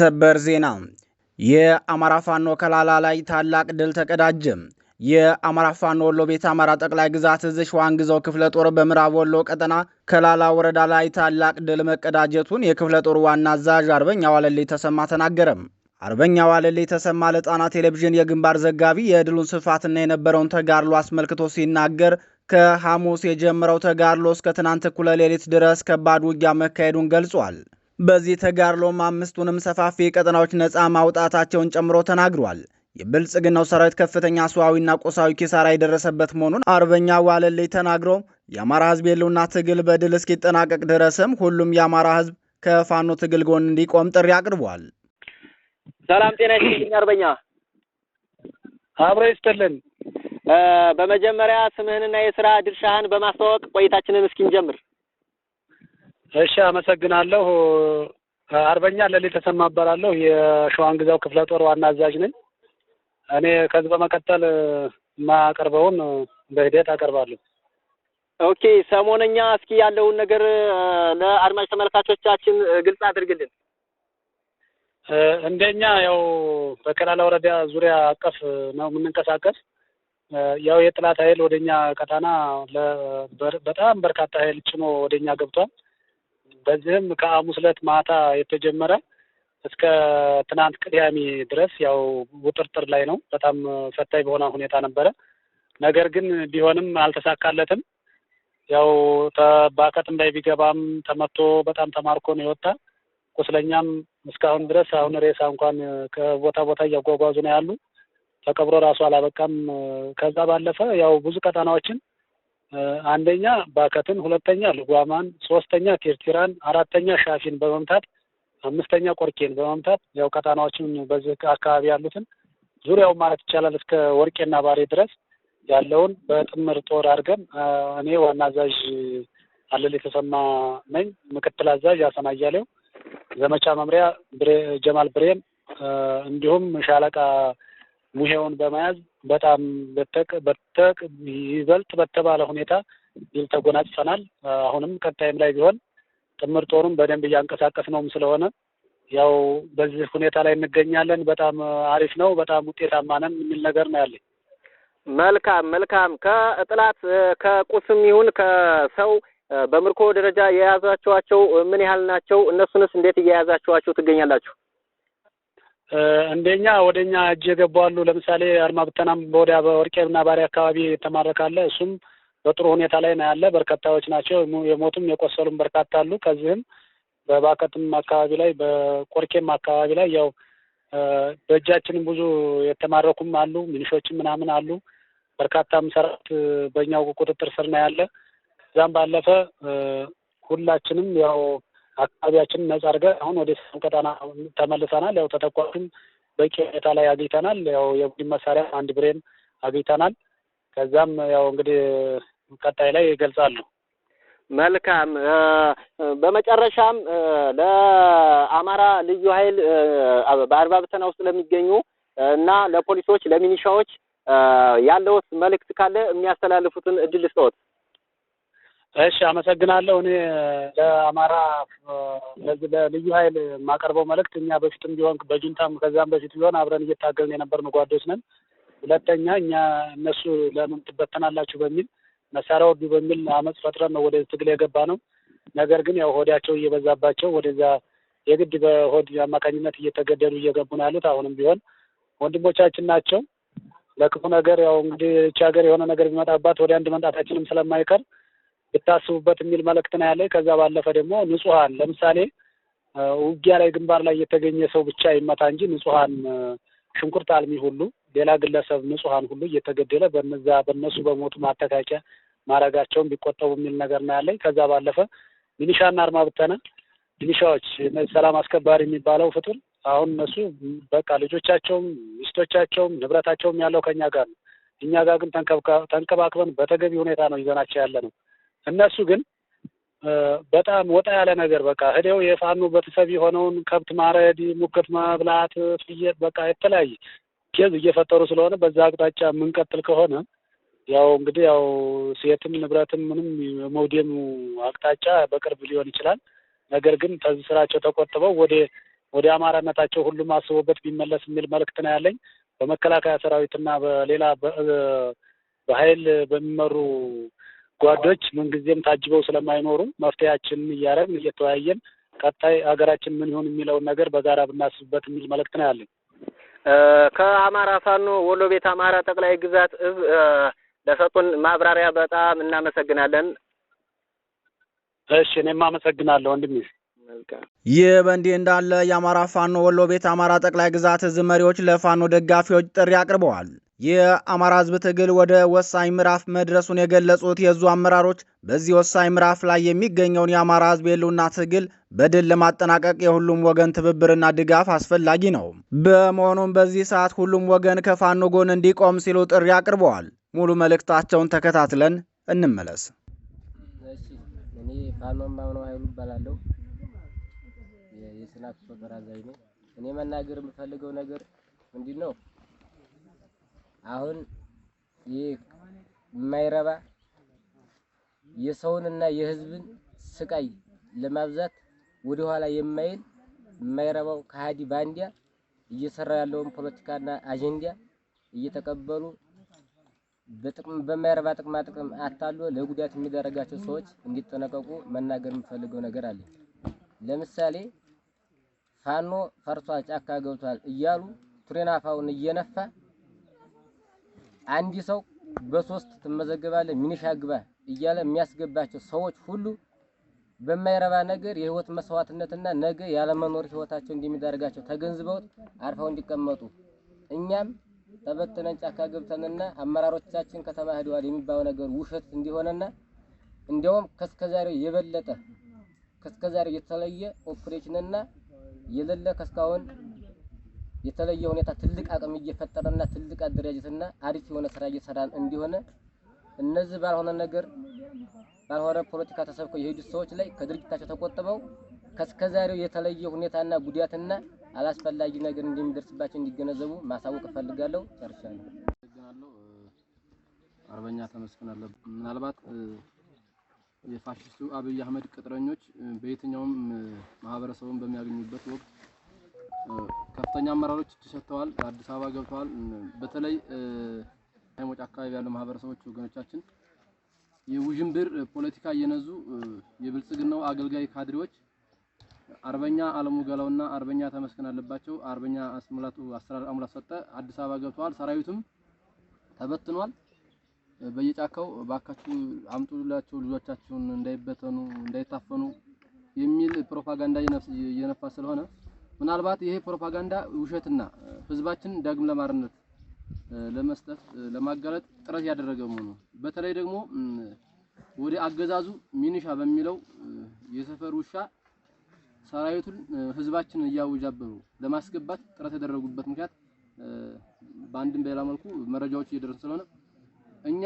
ሰበር ዜና የአማራ ፋኖ ከላላ ላይ ታላቅ ድል ተቀዳጀ። የአማራ ፋኖ ወሎ ቤት አማራ ጠቅላይ ግዛት እዝ ሸዋንግዛው ክፍለ ጦር በምዕራብ ወሎ ቀጠና ከላላ ወረዳ ላይ ታላቅ ድል መቀዳጀቱን የክፍለ ጦር ዋና አዛዥ አርበኛ ዋለሌ ተሰማ ተናገረም። አርበኛ ዋለሌ ተሰማ ለጣና ቴሌቪዥን የግንባር ዘጋቢ የድሉን ስፋትና የነበረውን ተጋድሎ አስመልክቶ ሲናገር ከሐሙስ የጀመረው ተጋድሎ እስከ ትናንት እኩለ ሌሊት ድረስ ከባድ ውጊያ መካሄዱን ገልጿል። በዚህ ተጋድሎም አምስቱንም ሰፋፊ ቀጠናዎች ነፃ ማውጣታቸውን ጨምሮ ተናግሯል። የብልጽግናው ሰራዊት ከፍተኛ ሰዋዊና ቁሳዊ ኪሳራ የደረሰበት መሆኑን አርበኛ ዋለልይ ተናግሮ የአማራ ህዝብ የህልውና ትግል በድል እስኪጠናቀቅ ድረስም ሁሉም የአማራ ህዝብ ከፋኖ ትግል ጎን እንዲቆም ጥሪ አቅርቧል። ሰላም ጤና ይስጥልኝ አርበኛ አብረ ይስጥልን። በመጀመሪያ ስምህንና የስራ ድርሻህን በማስተዋወቅ ቆይታችንን እስኪንጀምር እሺ አመሰግናለሁ። አርበኛ ለሌ ተሰማ እባላለሁ። የሸዋንግዛው ክፍለ ጦር ዋና አዛዥ ነኝ። እኔ ከዚህ በመቀጠል የማቀርበውን በሂደት አቀርባለሁ። ኦኬ፣ ሰሞነኛ እስኪ ያለውን ነገር ለአድማጭ ተመልካቾቻችን ግልጽ አድርግልን። እንደኛ ያው በከላላ ወረዳ ዙሪያ አቀፍ ነው የምንንቀሳቀስ። ያው የጥላት ኃይል ወደኛ ቀጣና በጣም በርካታ ኃይል ጭኖ ወደኛ ገብቷል። በዚህም ከሐሙስ ዕለት ማታ የተጀመረ እስከ ትናንት ቅዳሜ ድረስ ያው ውጥርጥር ላይ ነው። በጣም ፈታኝ በሆነ ሁኔታ ነበረ። ነገር ግን ቢሆንም አልተሳካለትም። ያው በአካትም ላይ ቢገባም ተመቶ በጣም ተማርኮ ነው የወጣ። ቁስለኛም እስካሁን ድረስ አሁን ሬሳ እንኳን ከቦታ ቦታ እያጓጓዙ ነው ያሉ። ተቀብሮ ራሱ አላበቃም። ከዛ ባለፈ ያው ብዙ ቀጠናዎችን አንደኛ ባከትን፣ ሁለተኛ ልጓማን፣ ሶስተኛ ቲርቲራን፣ አራተኛ ሻፊን በመምታት አምስተኛ ቆርኬን በመምታት ያው ቀጣናዎችን በዚህ አካባቢ ያሉትን ዙሪያው ማለት ይቻላል እስከ ወርቄና ባሬ ድረስ ያለውን በጥምር ጦር አድርገን እኔ ዋና አዛዥ አለል የተሰማ ነኝ። ምክትል አዛዥ አሰናያሌው፣ ዘመቻ መምሪያ ጀማል ብሬን እንዲሁም ሻለቃ ሙሄውን በመያዝ በጣም በተቅ ይበልጥ በተባለ ሁኔታ ድል ተጎናጽፈናል። አሁንም ቀጣይም ላይ ቢሆን ጥምር ጦሩም በደንብ እያንቀሳቀስ ነውም ስለሆነ ያው በዚህ ሁኔታ ላይ እንገኛለን። በጣም አሪፍ ነው። በጣም ውጤታማ ነን የሚል ነገር ነው ያለኝ። መልካም መልካም። ከጥላት ከቁስም ይሁን ከሰው በምርኮ ደረጃ የያዛችኋቸው ምን ያህል ናቸው? እነሱንስ እንዴት እየያዛችኋቸው ትገኛላችሁ? እንደኛ ወደኛ እጅ የገቡ አሉ። ለምሳሌ አድማ ብተናም በወዲያ በወርቄና ባሪ አካባቢ የተማረካለ እሱም በጥሩ ሁኔታ ላይ ነው ያለ። በርካታዎች ናቸው። የሞቱም የቆሰሉም በርካታ አሉ። ከዚህም በባከትም አካባቢ ላይ በቆርኬም አካባቢ ላይ ያው በእጃችንም ብዙ የተማረኩም አሉ። ሚኒሾችም ምናምን አሉ። በርካታም ሰራዊት በእኛው ቁጥጥር ስር ነው ያለ። እዛም ባለፈ ሁላችንም ያው አካባቢያችን ነጻ አድርገን አሁን ወደ ሰላም ቀጠና ተመልሰናል። ያው ተተኳሹም በቂ ሁኔታ ላይ አግኝተናል። ያው የቡድን መሳሪያ አንድ ብሬን አግኝተናል። ከዛም ያው እንግዲህ ቀጣይ ላይ ይገልጻሉ። መልካም። በመጨረሻም ለአማራ ልዩ ኃይል በአድባ ብተና ውስጥ ለሚገኙ እና ለፖሊሶች፣ ለሚኒሻዎች ያለውት መልእክት ካለ የሚያስተላልፉትን እድል ስጠዎት። እሺ አመሰግናለሁ። እኔ ለአማራ ለልዩ ኃይል የማቀርበው መልእክት እኛ በፊትም ቢሆን በጁንታም ከዛም በፊት ቢሆን አብረን እየታገልን የነበርን ጓዶች ነን። ሁለተኛ እኛ እነሱ ለምን ትበተናላችሁ በሚል መሳሪያ ወዱ በሚል አመፅ ፈጥረን ነው ወደ ትግል የገባ ነው። ነገር ግን ያው ሆዳቸው እየበዛባቸው ወደዛ የግድ በሆድ አማካኝነት እየተገደሉ እየገቡ ነው ያሉት። አሁንም ቢሆን ወንድሞቻችን ናቸው። ለክፉ ነገር ያው እንግዲህ ይቺ ሀገር የሆነ ነገር ቢመጣባት ወደ አንድ መምጣታችንም ስለማይቀር ብታስቡበት የሚል መልእክት ነው ያለ። ከዛ ባለፈ ደግሞ ንጹሀን ለምሳሌ ውጊያ ላይ ግንባር ላይ የተገኘ ሰው ብቻ ይመታ እንጂ ንጹሀን ሽንኩርት አልሚ ሁሉ ሌላ ግለሰብ ንጹሀን ሁሉ እየተገደለ በነዛ በነሱ በሞቱ ማተካከያ ማድረጋቸውን ቢቆጠቡ የሚል ነገር ነው ያለኝ። ከዛ ባለፈ ሚኒሻና አርማ ብተና ሚኒሻዎች ሰላም አስከባሪ የሚባለው ፍጡር አሁን እነሱ በቃ ልጆቻቸውም ሚስቶቻቸውም ንብረታቸውም ያለው ከኛ ጋር ነው። እኛ ጋር ግን ተንከባክበን በተገቢ ሁኔታ ነው ይዘናቸው ያለ ነው። እነሱ ግን በጣም ወጣ ያለ ነገር በቃ ህደው የፋኖ ቤተሰብ የሆነውን ከብት ማረድ፣ ሙክት መብላት፣ ፍየት በቃ የተለያየ ኬዝ እየፈጠሩ ስለሆነ በዛ አቅጣጫ የምንቀጥል ከሆነ ያው እንግዲህ ያው ሴትም ንብረትም ምንም የመውደሙ አቅጣጫ በቅርብ ሊሆን ይችላል። ነገር ግን ከዚህ ስራቸው ተቆጥበው ወደ ወደ አማራነታቸው ሁሉም አስቦበት ቢመለስ የሚል መልእክት ነው ያለኝ። በመከላከያ ሰራዊትና በሌላ በኃይል በሚመሩ ጓዶች ምንጊዜም ታጅበው ስለማይኖሩ መፍትሄያችንን እያደረግን እየተወያየን ቀጣይ ሀገራችን ምን ይሆን የሚለውን ነገር በጋራ ብናስብበት የሚል መልእክት ነው ያለኝ። ከአማራ ፋኖ ወሎ ቤት አማራ ጠቅላይ ግዛት እዝ ለሰጡን ማብራሪያ በጣም እናመሰግናለን። እሺ፣ እኔም አመሰግናለሁ ወንድሜ። ይህ በእንዲህ እንዳለ የአማራ ፋኖ ወሎ ቤት አማራ ጠቅላይ ግዛት እዝ መሪዎች ለፋኖ ደጋፊዎች ጥሪ አቅርበዋል። የአማራ ህዝብ ትግል ወደ ወሳኝ ምዕራፍ መድረሱን የገለጹት የዙ አመራሮች በዚህ ወሳኝ ምዕራፍ ላይ የሚገኘውን የአማራ ህዝብ የህልውና ትግል በድል ለማጠናቀቅ የሁሉም ወገን ትብብርና ድጋፍ አስፈላጊ ነው። በመሆኑም በዚህ ሰዓት ሁሉም ወገን ከፋኖ ጎን እንዲቆም ሲሉ ጥሪ አቅርበዋል። ሙሉ መልእክታቸውን ተከታትለን እንመለስ። እኔ መናገር የምፈልገው ነገር ምንድን ነው? አሁን ይህ የማይረባ የሰውንና የህዝብን ስቃይ ለማብዛት ወደኋላ የማይል የማይረባው ከሃዲ ባንዲያ እየሰራ ያለውን ፖለቲካና አጀንዳ እየተቀበሉ በጥቅም በማይረባ ጥቅማ ጥቅም አታሎ ለጉዳት የሚደረጋቸው ሰዎች እንዲጠነቀቁ መናገር የምፈልገው ነገር አለ። ለምሳሌ ፋኖ ፈርሷ ጫካ ገብቷል እያሉ ቱሬናፋውን እየነፋ አንድ ሰው በሶስት ትመዘገባለህ ሚኒሻ ግባ እያለ የሚያስገባቸው ሰዎች ሁሉ በማይረባ ነገር የህይወት መስዋዕትነትና ነገ ያለመኖር ህይወታቸው እንደሚዳርጋቸው ተገንዝበውት አርፈው እንዲቀመጡ እኛም ተበትነን ጫካ ገብተንና አመራሮቻችን ከተባህደዋል የሚባለው ነገር ውሸት እንዲሆነና እንዲያውም ከስከዛሬው የበለጠ ከስከዛሬው የተለየ ኦፕሬሽንና የሌለ ከስካሁን የተለየ ሁኔታ ትልቅ አቅም እየፈጠረና ትልቅ አደረጃጀትና አሪፍ የሆነ ስራ እየሰራን እንዲሆነ እነዚህ ባልሆነ ነገር ባልሆነ ፖለቲካ ተሰብከው የሄዱ ሰዎች ላይ ከድርጊታቸው ተቆጥበው ከስከዛሬው የተለየ ሁኔታና ጉዳትና አላስፈላጊ ነገር እንደሚደርስባቸው እንዲገነዘቡ ማሳወቅ እፈልጋለሁ። ጨርሻለሁ። አርበኛ ተመስገን አለ። ምናልባት የፋሽስቱ አብይ አህመድ ቅጥረኞች በየትኛውም ማህበረሰቡን በሚያገኙበት ወቅት ከፍተኛ አመራሮች እጅ ሰጥተዋል፣ አዲስ አበባ ገብተዋል። በተለይ ሞጫ አካባቢ ያሉ ማህበረሰቦች ወገኖቻችን የውዥንብር ፖለቲካ እየነዙ የብልጽግናው አገልጋይ ካድሬዎች አርበኛ አለሙ ገላውና አርበኛ ተመስገን አለባቸው፣ አርበኛ አስሙላቱ አሙላት ሰጠ አዲስ አበባ ገብተዋል። ሰራዊቱም ተበትኗል። በየጫካው ባካችሁ አምጡላቸው ልጆቻችሁን እንዳይበተኑ እንዳይታፈኑ የሚል ፕሮፓጋንዳ እየነፋ ስለሆነ ምናልባት ይሄ ፕሮፓጋንዳ ውሸትና ህዝባችን ዳግም ለማርነት ለመስጠት ለማጋለጥ ጥረት ያደረገ መሆኑ በተለይ ደግሞ ወደ አገዛዙ ሚኒሻ በሚለው የሰፈር ውሻ ሰራዊቱን ህዝባችንን እያወጃበሩ ለማስገባት ጥረት ያደረጉበት ምክንያት በአንድም በሌላ መልኩ መረጃዎች እየደረሱ ስለሆነ እኛ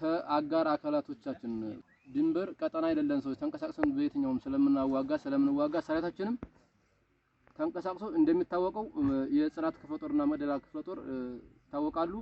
ከአጋር አካላቶቻችን ድንበር ቀጠና የሌለን ሰዎች ተንቀሳቅሰን በየትኛውም ስለምናዋጋ ስለምንዋጋ ሰራዊታችንም ተንቀሳቅሶ እንደሚታወቀው የጽናት ክፍለ ጦርና መደላ ክፍለ ጦር ይታወቃሉ።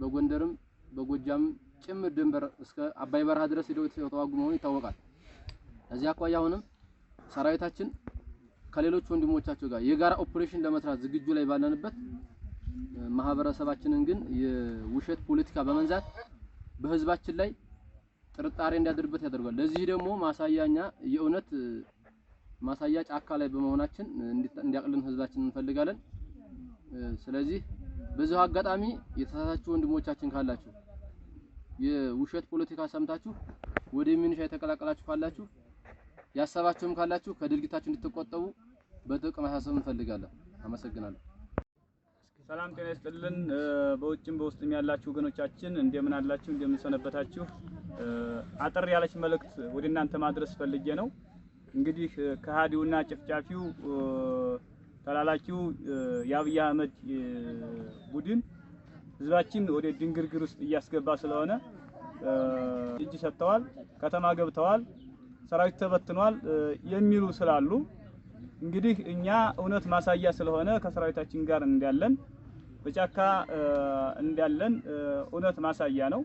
በጎንደርም በጎጃም ጭምር ድንበር እስከ አባይ በረሃ ድረስ ሄደው የተዋጉ መሆኑ ይታወቃል። እዚህ አኳያ አሁንም ሰራዊታችን ከሌሎች ወንድሞቻቸው ጋር የጋራ ኦፕሬሽን ለመስራት ዝግጁ ላይ ባለንበት ማህበረሰባችንን ግን የውሸት ፖለቲካ በመንዛት በህዝባችን ላይ ጥርጣሬ እንዲያድርበት ያደርጋል። ለዚህ ደግሞ ማሳያኛ የእውነት ማሳያ ጫካ ላይ በመሆናችን እንዲያቅልን ህዝባችን እንፈልጋለን። ስለዚህ በዚህ አጋጣሚ የተሳሳችሁ ወንድሞቻችን ካላችሁ የውሸት ፖለቲካ ሰምታችሁ ወደ ሚኒሻ የተቀላቀላችሁ ካላችሁ ያሰባችሁም ካላችሁ ከድርጊታችሁ እንድትቆጠቡ በጥብቅ ማሳሰብ እንፈልጋለን። አመሰግናለሁ። ሰላም ጤና ይስጥልን። በውጭም በውስጥም ያላችሁ ወገኖቻችን እንደምን አላችሁ? እንደምን ሰነበታችሁ? አጠር ያለች መልእክት ወደ እናንተ ማድረስ ፈልጌ ነው። እንግዲህ ከሃዲውና ጨፍጫፊው ተላላኪው የአብይ አህመድ ቡድን ህዝባችን ወደ ድንግርግር ውስጥ እያስገባ ስለሆነ እጅ ሰጥተዋል፣ ከተማ ገብተዋል፣ ሰራዊት ተበትኗል የሚሉ ስላሉ እንግዲህ እኛ እውነት ማሳያ ስለሆነ ከሰራዊታችን ጋር እንዳለን በጫካ እንዳለን እውነት ማሳያ ነው።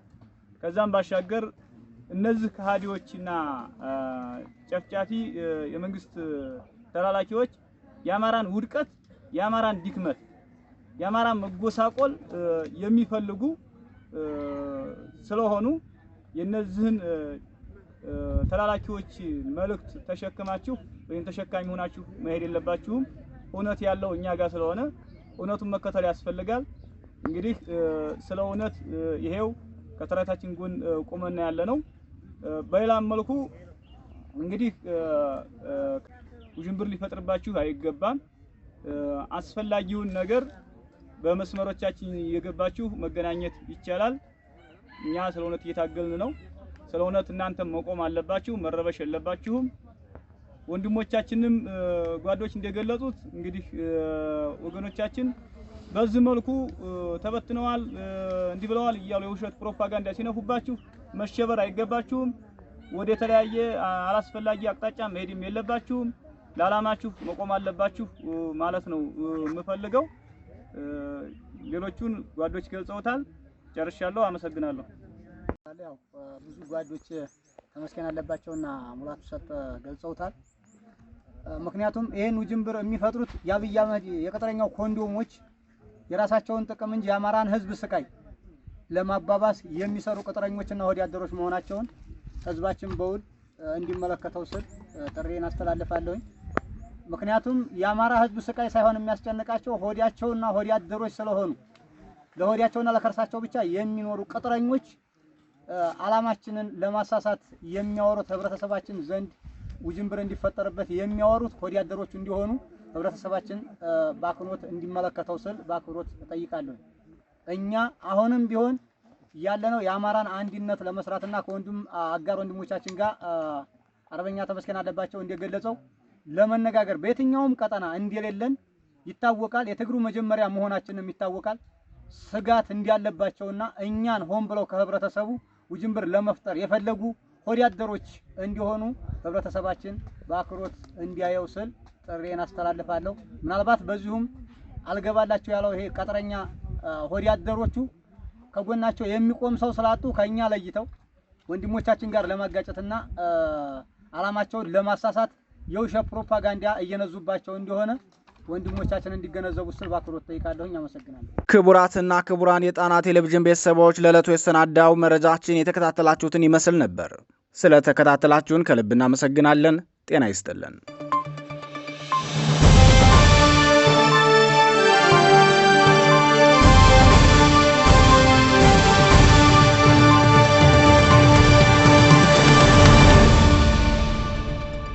ከዛም ባሻገር እነዚህ ከሃዲዎችና ጨፍጫፊ የመንግስት ተላላኪዎች የአማራን ውድቀት፣ የአማራን ድክመት፣ የአማራን መጎሳቆል የሚፈልጉ ስለሆኑ የነዚህን ተላላኪዎች መልእክት ተሸክማችሁ ወይም ተሸካሚ ሆናችሁ መሄድ የለባችሁም። እውነት ያለው እኛ ጋር ስለሆነ እውነቱን መከተል ያስፈልጋል። እንግዲህ ስለ እውነት ይሄው ከተረታችን ጎን ቁመና ያለ ነው። በሌላም መልኩ እንግዲህ ውዥንብር ሊፈጥርባችሁ አይገባም። አስፈላጊውን ነገር በመስመሮቻችን እየገባችሁ መገናኘት ይቻላል። እኛ ስለ እውነት እየታገልን ነው። ስለ እውነት እናንተም መቆም አለባችሁ፣ መረበሽ የለባችሁም። ወንድሞቻችንም ጓዶች እንደገለጹት እንግዲህ ወገኖቻችን በዚህ መልኩ ተበትነዋል፣ እንዲህ ብለዋል እያሉ የውሸት ፕሮፓጋንዳ ሲነፉባችሁ መሸበር አይገባችሁም። ወደ ተለያየ አላስፈላጊ አቅጣጫ መሄድም የለባችሁም። ለዓላማችሁ መቆም አለባችሁ ማለት ነው የምፈልገው። ሌሎቹን ጓዶች ገልጸውታል። ጨርሻለሁ። አመሰግናለሁ። ያው ብዙ ጓዶች ተመስገን አለባቸውና ሙላቱ ሰጥ ገልጸውታል። ምክንያቱም ይህን ውጅንብር የሚፈጥሩት የአብይ አህመድ የቅጥረኛው ኮንዶሞች የራሳቸውን ጥቅም እንጂ የአማራን ሕዝብ ስቃይ ለማባባስ የሚሰሩ ቅጥረኞችና አደሮች መሆናቸውን ህዝባችን በውል እንዲመለከተው ስል ጥሪን አስተላልፋለሁኝ። ምክንያቱም የአማራ ህዝብ ስቃይ ሳይሆን የሚያስጨንቃቸው ሆዲያቸውና አደሮች ስለሆኑ ለሆዲያቸውና ለከርሳቸው ብቻ የሚኖሩ ቅጥረኞች አላማችንን ለማሳሳት የሚያወሩት ህብረተሰባችን ዘንድ ውጅንብር እንዲፈጠርበት የሚያወሩት ሆዲያደሮች እንዲሆኑ ህብረተሰባችን በአክብሮት እንዲመለከተው ስል በአክብሮት እጠይቃለሁ። እኛ አሁንም ቢሆን ያለነው የአማራን አንድነት ለመስራትና ከወንድም አጋር ወንድሞቻችን ጋር አርበኛ ተመስገን አለባቸው እንደገለጸው ለመነጋገር በየትኛውም ቀጠና እንደሌለን ይታወቃል። የትግሩ መጀመሪያ መሆናችንም ይታወቃል። ስጋት እንዳለባቸውና እኛን ሆን ብለው ከህብረተሰቡ ውጅንብር ለመፍጠር የፈለጉ ሆዳደሮች እንዲሆኑ ህብረተሰባችን በአክብሮት እንዲያየው ስል ጥሬን አስተላልፋለሁ። ምናልባት በዚሁም አልገባላችሁ ያለው ይሄ ቀጥረኛ አደሮቹ ከጎናቸው የሚቆም ሰው ስላጡ ከኛ ለይተው ወንድሞቻችን ጋር ለማጋጨትና አላማቸውን ለማሳሳት የውሸት ፕሮፓጋንዳ እየነዙባቸው እንደሆነ ወንድሞቻችን እንዲገነዘቡ ስል በአክብሮት ጠይቃለሁኝ። አመሰግናለሁ። ክቡራትና ክቡራን የጣና ቴሌቪዥን ቤተሰቦች ለዕለቱ የሰናዳው መረጃችን የተከታተላችሁትን ይመስል ነበር። ስለተከታተላችሁን ከልብ እናመሰግናለን። ጤና ይስጥልን።